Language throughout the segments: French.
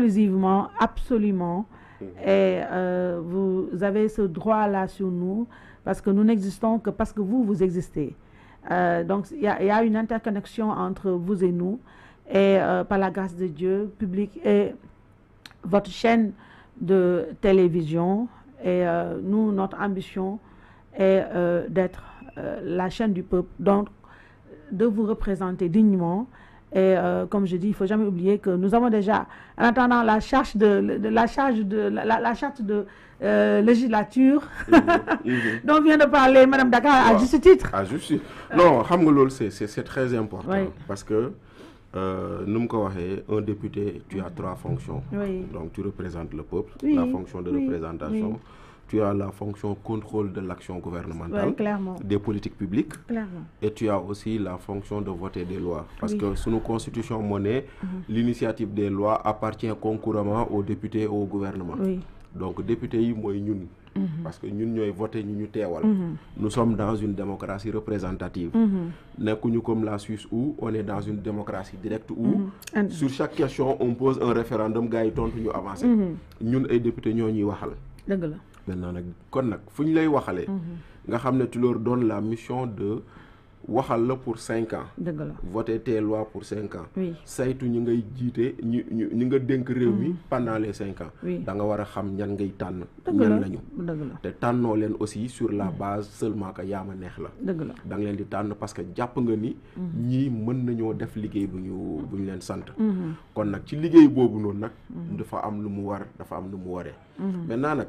exclusivement, absolument. Mm-hmm. Et euh, vous avez ce droit-là sur nous, parce que nous n'existons que parce que vous, vous existez. Euh, donc, il y, a une interconnexion entre vous et nous. Et euh, par la grâce de Dieu, public et votre chaîne de télévision. Et nous, notre ambition est d'être la chaîne du peuple, donc de vous représenter dignement et euh, comme je dis, il ne faut jamais oublier que nous avons déjà, en attendant la charge de, la charge de la, charte de euh, législature mhm. Mhm. dont vient de parler Madame Dakar à juste titre. À juste titre. Non, c'est très important parce que euh, nous un député, tu as trois fonctions. Donc tu représentes le peuple, la fonction de représentation tu as la fonction contrôle de l'action gouvernementale, des politiques publiques, et tu as aussi la fonction de voter des lois. Parce que sous nos constitutions monnaies, mhm. l'initiative des lois appartient concouramment aux députés et au gouvernement. Donc, députés, ils mhm. parce que nous avons voté nous sommes dans une démocratie représentative. sommes comme la Suisse où on est dans une démocratie directe où. Mhm. Ah, sur chaque question on pose un référendum gars yi tontu ñu avancé. ñun maintenant nak kon nak fuñ lay waxalee. Mhm. nga xamné tu leur donnes la mission de waxal la pour 5 ans. dëgg la voter tes lois pour 5 ans. oui saytu ñi ngay jité ñu ñu ñi nga dénk réew mi. Mhm. pendant les 5 ans. oui da nga wara xam ñan ngay tan ñan lañu dëgg la te tànnoo leen aussi sur la mhm. base seulement ka yama neex la. dëgg la da nga leen di tànn parce que japp nga ni. ñi mën nañoo def liggéey bu ñu bu ñu leen sant. kon nak ci liggéey boobu noonu nag. dafa am lu mu war dafa am lu mu waré maintenant nag.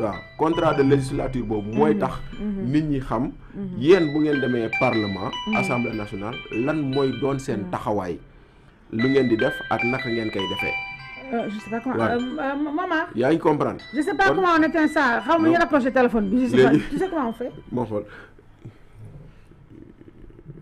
waaw contrat de législature boobu mooy mhm. tax mhm. nit ñi xam mhm. yéen bu ngeen demee parlement assemblée nationale lan mooy doon seen taxawaay lu ngeen di def ak naka ngeen koy defee euh, je sais euh, euh, yaa ngi comprendre je sais pas comment on éteint ça xaw ma ñu rapproché téléphone bi je sais moo xool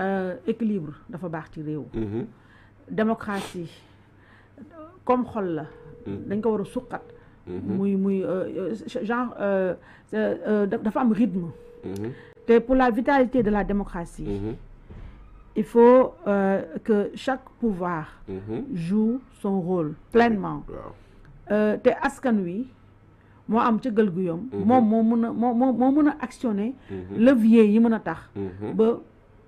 Euh, équilibre dafa baax ci mhm. démocratie comme on la. Mhm. dit, ko a rythme. pour la vitalité de la démocratie. Mhm. il faut euh, que chaque pouvoir. joue son rôle pleinement. et euh, askan wi am ca levier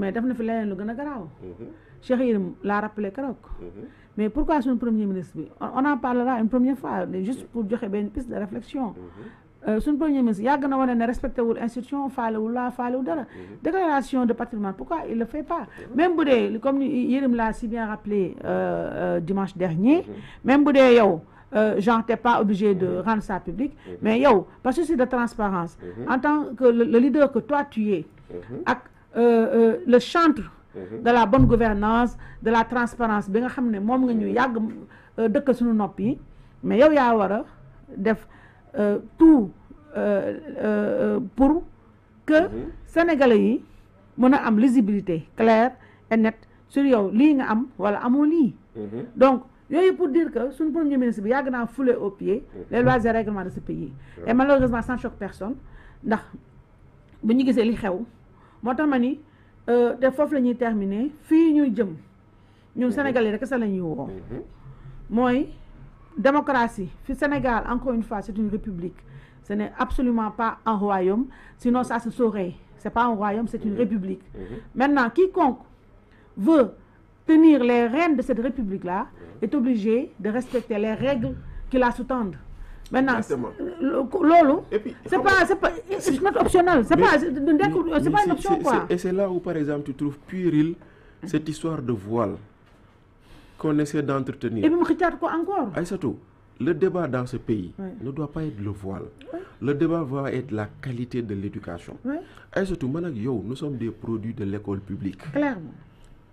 mais def na fi leneen lu gën a garaaw. Mhm. Cheikh l'a rappelé mhm. mais pourquoi suñu premier ministre on en parlera une première fois juste pour joxe une piste de réflexion. Mhm. Euh, suñu premier ministre yàgg na wane ne respecté wul institution faalewul laa faalewul dara. déclaration de patrimoine pourquoi il le fait pas. même bu dee comme Yérim l'a si bien rappelé euh, euh, dimanche dernier. même bu dee yow. pas obligé de rendre ça public. Mais yo, parce que c'est de la transparence, en tant que le, leader que toi tu es, euh, euh, le chantre mhm. de la bonne gouvernance de la transparence bi nga xam que nous nga ñu de le suñu n'opi, mais yow y a euh, tout pour que mhm. sénégalais yi une am lisibilité claire et nette sur yow lignes. nga am wala mhm. donc il pour dire que suñu premier ministre bi nous foulé au pied les lois et règlements de ce pays et malheureusement sans choc personne ndax bu ñu gisee li xew Maintenant, tax ma ni euh, terminer fi jëm mhm. sénégalais rek sa la mhm. démocratie fi Sénégal encore une fois c'est une république ce n'est absolument pas un royaume sinon ça se saurait c'est pas un royaume c'est une mhm. république maintenant quiconque veut tenir les rênes de cette république là est obligé de respecter les règles qui la sous-tendent maintenant euh, c'est pas pas optionnel c'est pas pas une option quoi. et c'est là où par exemple tu trouves puéril cette histoire de voile qu'on essaie d'entretenir. Et puis regarde quoi encore le débat dans ce pays ne doit pas être le voile. Le débat va être la qualité de l'éducation. Yo, nous sommes des produits de l'école publique. Clairement.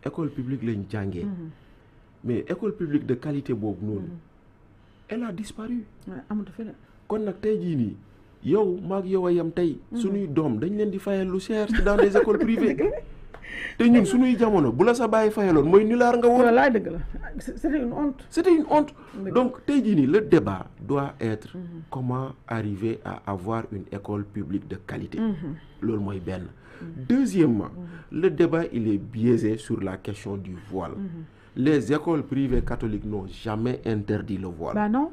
École publique, les mm mm-hmm. Mais école publique de qualité, bon nous. Mm-hmm elle a disparu. kon nag tey ni, nii yow maag yow a yem tey. dom, mhm. doom dañ leen di fayal lu cher dans des écoles privées. te ñun suñuy jamono bu la sa bàyyi fayaloon mooy ni laar nga woon. c'était une honte. c'était une honte donc tey jii le débat doit être. Mhm. comment arriver à avoir une école publique de qualité. Mhm. loolu mooy ben. deuxièmement le débat il est biaisé sur la question du voile. Les écoles privées catholiques n'ont jamais interdit le voile. Bah non.